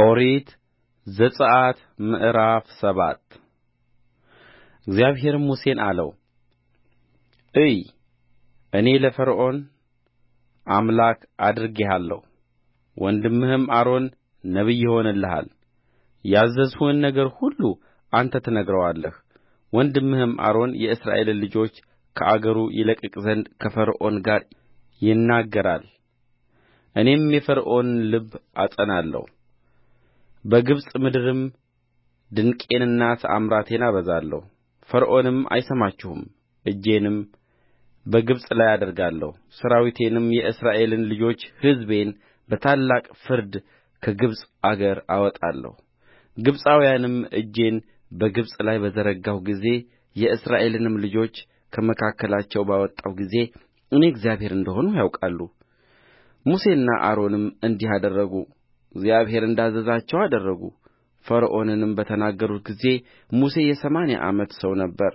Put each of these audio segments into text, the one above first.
ኦሪት ዘጽአት ምዕራፍ ሰባት እግዚአብሔርም ሙሴን አለው፣ እይ እኔ ለፈርዖን አምላክ አድርጌሃለሁ፣ ወንድምህም አሮን ነቢይ ይሆንልሃል። ያዘዝሁህን ነገር ሁሉ አንተ ትነግረዋለህ። ወንድምህም አሮን የእስራኤልን ልጆች ከአገሩ ይለቅቅ ዘንድ ከፈርዖን ጋር ይናገራል። እኔም የፈርዖንን ልብ አጸናለሁ በግብፅ ምድርም ድንቄንና ተአምራቴን አበዛለሁ ፈርዖንም አይሰማችሁም እጄንም በግብፅ ላይ አደርጋለሁ ሠራዊቴንም የእስራኤልን ልጆች ሕዝቤን በታላቅ ፍርድ ከግብፅ አገር አወጣለሁ ግብፃውያንም እጄን በግብፅ ላይ በዘረጋሁ ጊዜ የእስራኤልንም ልጆች ከመካከላቸው ባወጣሁ ጊዜ እኔ እግዚአብሔር እንደ ሆንሁ ያውቃሉ ሙሴና አሮንም እንዲህ አደረጉ እግዚአብሔር እንዳዘዛቸው አደረጉ ፈርዖንንም በተናገሩት ጊዜ ሙሴ የሰማንያ ዓመት ሰው ነበረ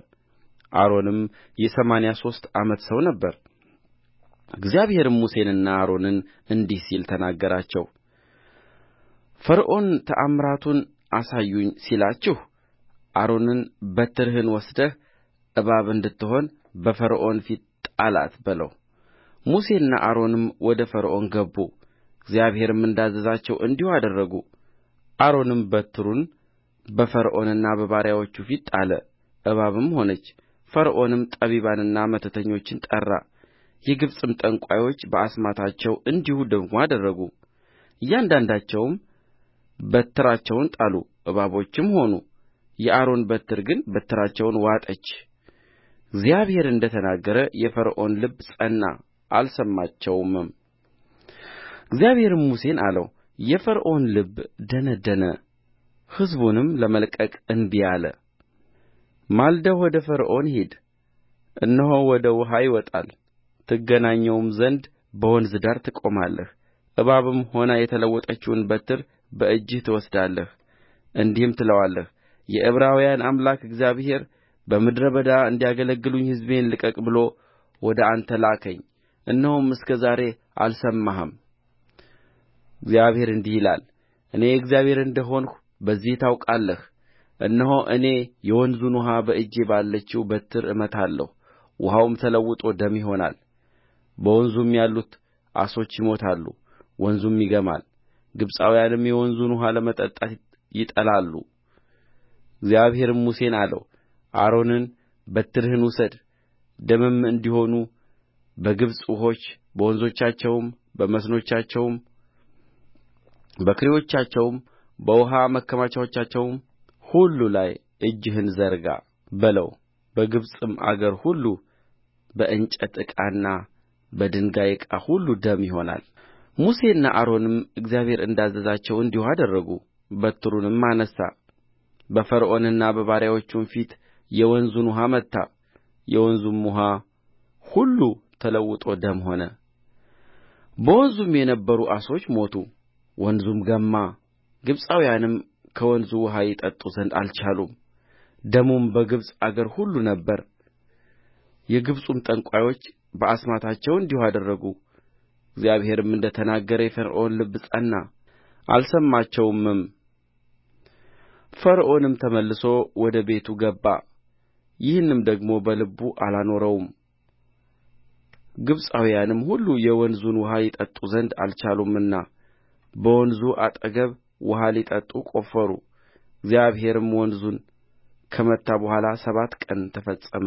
አሮንም የሰማንያ ሦስት ዓመት ሰው ነበረ እግዚአብሔርም ሙሴንና አሮንን እንዲህ ሲል ተናገራቸው ፈርዖን ተአምራቱን አሳዩኝ ሲላችሁ አሮንን በትርህን ወስደህ እባብ እንድትሆን በፈርዖን ፊት ጣላት በለው ሙሴና አሮንም ወደ ፈርዖን ገቡ እግዚአብሔርም እንዳዘዛቸው እንዲሁ አደረጉ አሮንም በትሩን በፈርዖንና በባሪያዎቹ ፊት ጣለ እባብም ሆነች ፈርዖንም ጠቢባንና መተተኞችን ጠራ የግብፅም ጠንቋዮች በአስማታቸው እንዲሁ ደግሞ አደረጉ እያንዳንዳቸውም በትራቸውን ጣሉ እባቦችም ሆኑ የአሮን በትር ግን በትራቸውን ዋጠች እግዚአብሔር እንደ ተናገረ የፈርዖን ልብ ጸና አልሰማቸውምም እግዚአብሔርም ሙሴን አለው የፈርዖን ልብ ደነደነ ሕዝቡንም ለመልቀቅ እንቢ አለ ማልደህ ወደ ፈርዖን ሂድ እነሆ ወደ ውኃ ይወጣል ትገናኘውም ዘንድ በወንዝ ዳር ትቆማለህ እባብም ሆና የተለወጠችውን በትር በእጅህ ትወስዳለህ እንዲህም ትለዋለህ የዕብራውያን አምላክ እግዚአብሔር በምድረ በዳ እንዲያገለግሉኝ ሕዝቤን ልቀቅ ብሎ ወደ አንተ ላከኝ እነሆም እስከ ዛሬ አልሰማህም እግዚአብሔር እንዲህ ይላል እኔ እግዚአብሔር እንደ ሆንሁ በዚህ ታውቃለህ እነሆ እኔ የወንዙን ውኃ በእጄ ባለችው በትር እመታለሁ ውኃውም ተለውጦ ደም ይሆናል በወንዙም ያሉት ዓሦች ይሞታሉ ወንዙም ይገማል ግብፃውያንም የወንዙን ውኃ ለመጠጣት ይጠላሉ እግዚአብሔርም ሙሴን አለው አሮንን በትርህን ውሰድ ደምም እንዲሆኑ በግብፅ ውኆች በወንዞቻቸውም በመስኖቻቸውም በኵሬዎቻቸውም በውኃ ማከማቻዎቻቸውም ሁሉ ላይ እጅህን ዘርጋ በለው በግብፅም አገር ሁሉ በእንጨት ዕቃና በድንጋይ ዕቃ ሁሉ ደም ይሆናል ሙሴና አሮንም እግዚአብሔር እንዳዘዛቸው እንዲሁ አደረጉ በትሩንም አነሣ በፈርዖንና በባሪያዎቹም ፊት የወንዙን ውኃ መታ የወንዙም ውኃ ሁሉ ተለውጦ ደም ሆነ በወንዙም የነበሩ ዓሦች ሞቱ ወንዙም ገማ ግብፃውያንም ከወንዙ ውኃ ይጠጡ ዘንድ አልቻሉም ደሙም በግብፅ አገር ሁሉ ነበረ የግብፅም ጠንቋዮች በአስማታቸው እንዲሁ አደረጉ እግዚአብሔርም እንደ ተናገረ የፈርዖን ልብ ጸና አልሰማቸውምም ፈርዖንም ተመልሶ ወደ ቤቱ ገባ ይህንም ደግሞ በልቡ አላኖረውም ግብፃውያንም ሁሉ የወንዙን ውኃ ይጠጡ ዘንድ አልቻሉምና በወንዙ አጠገብ ውኃ ሊጠጡ ቆፈሩ እግዚአብሔርም ወንዙን ከመታ በኋላ ሰባት ቀን ተፈጸመ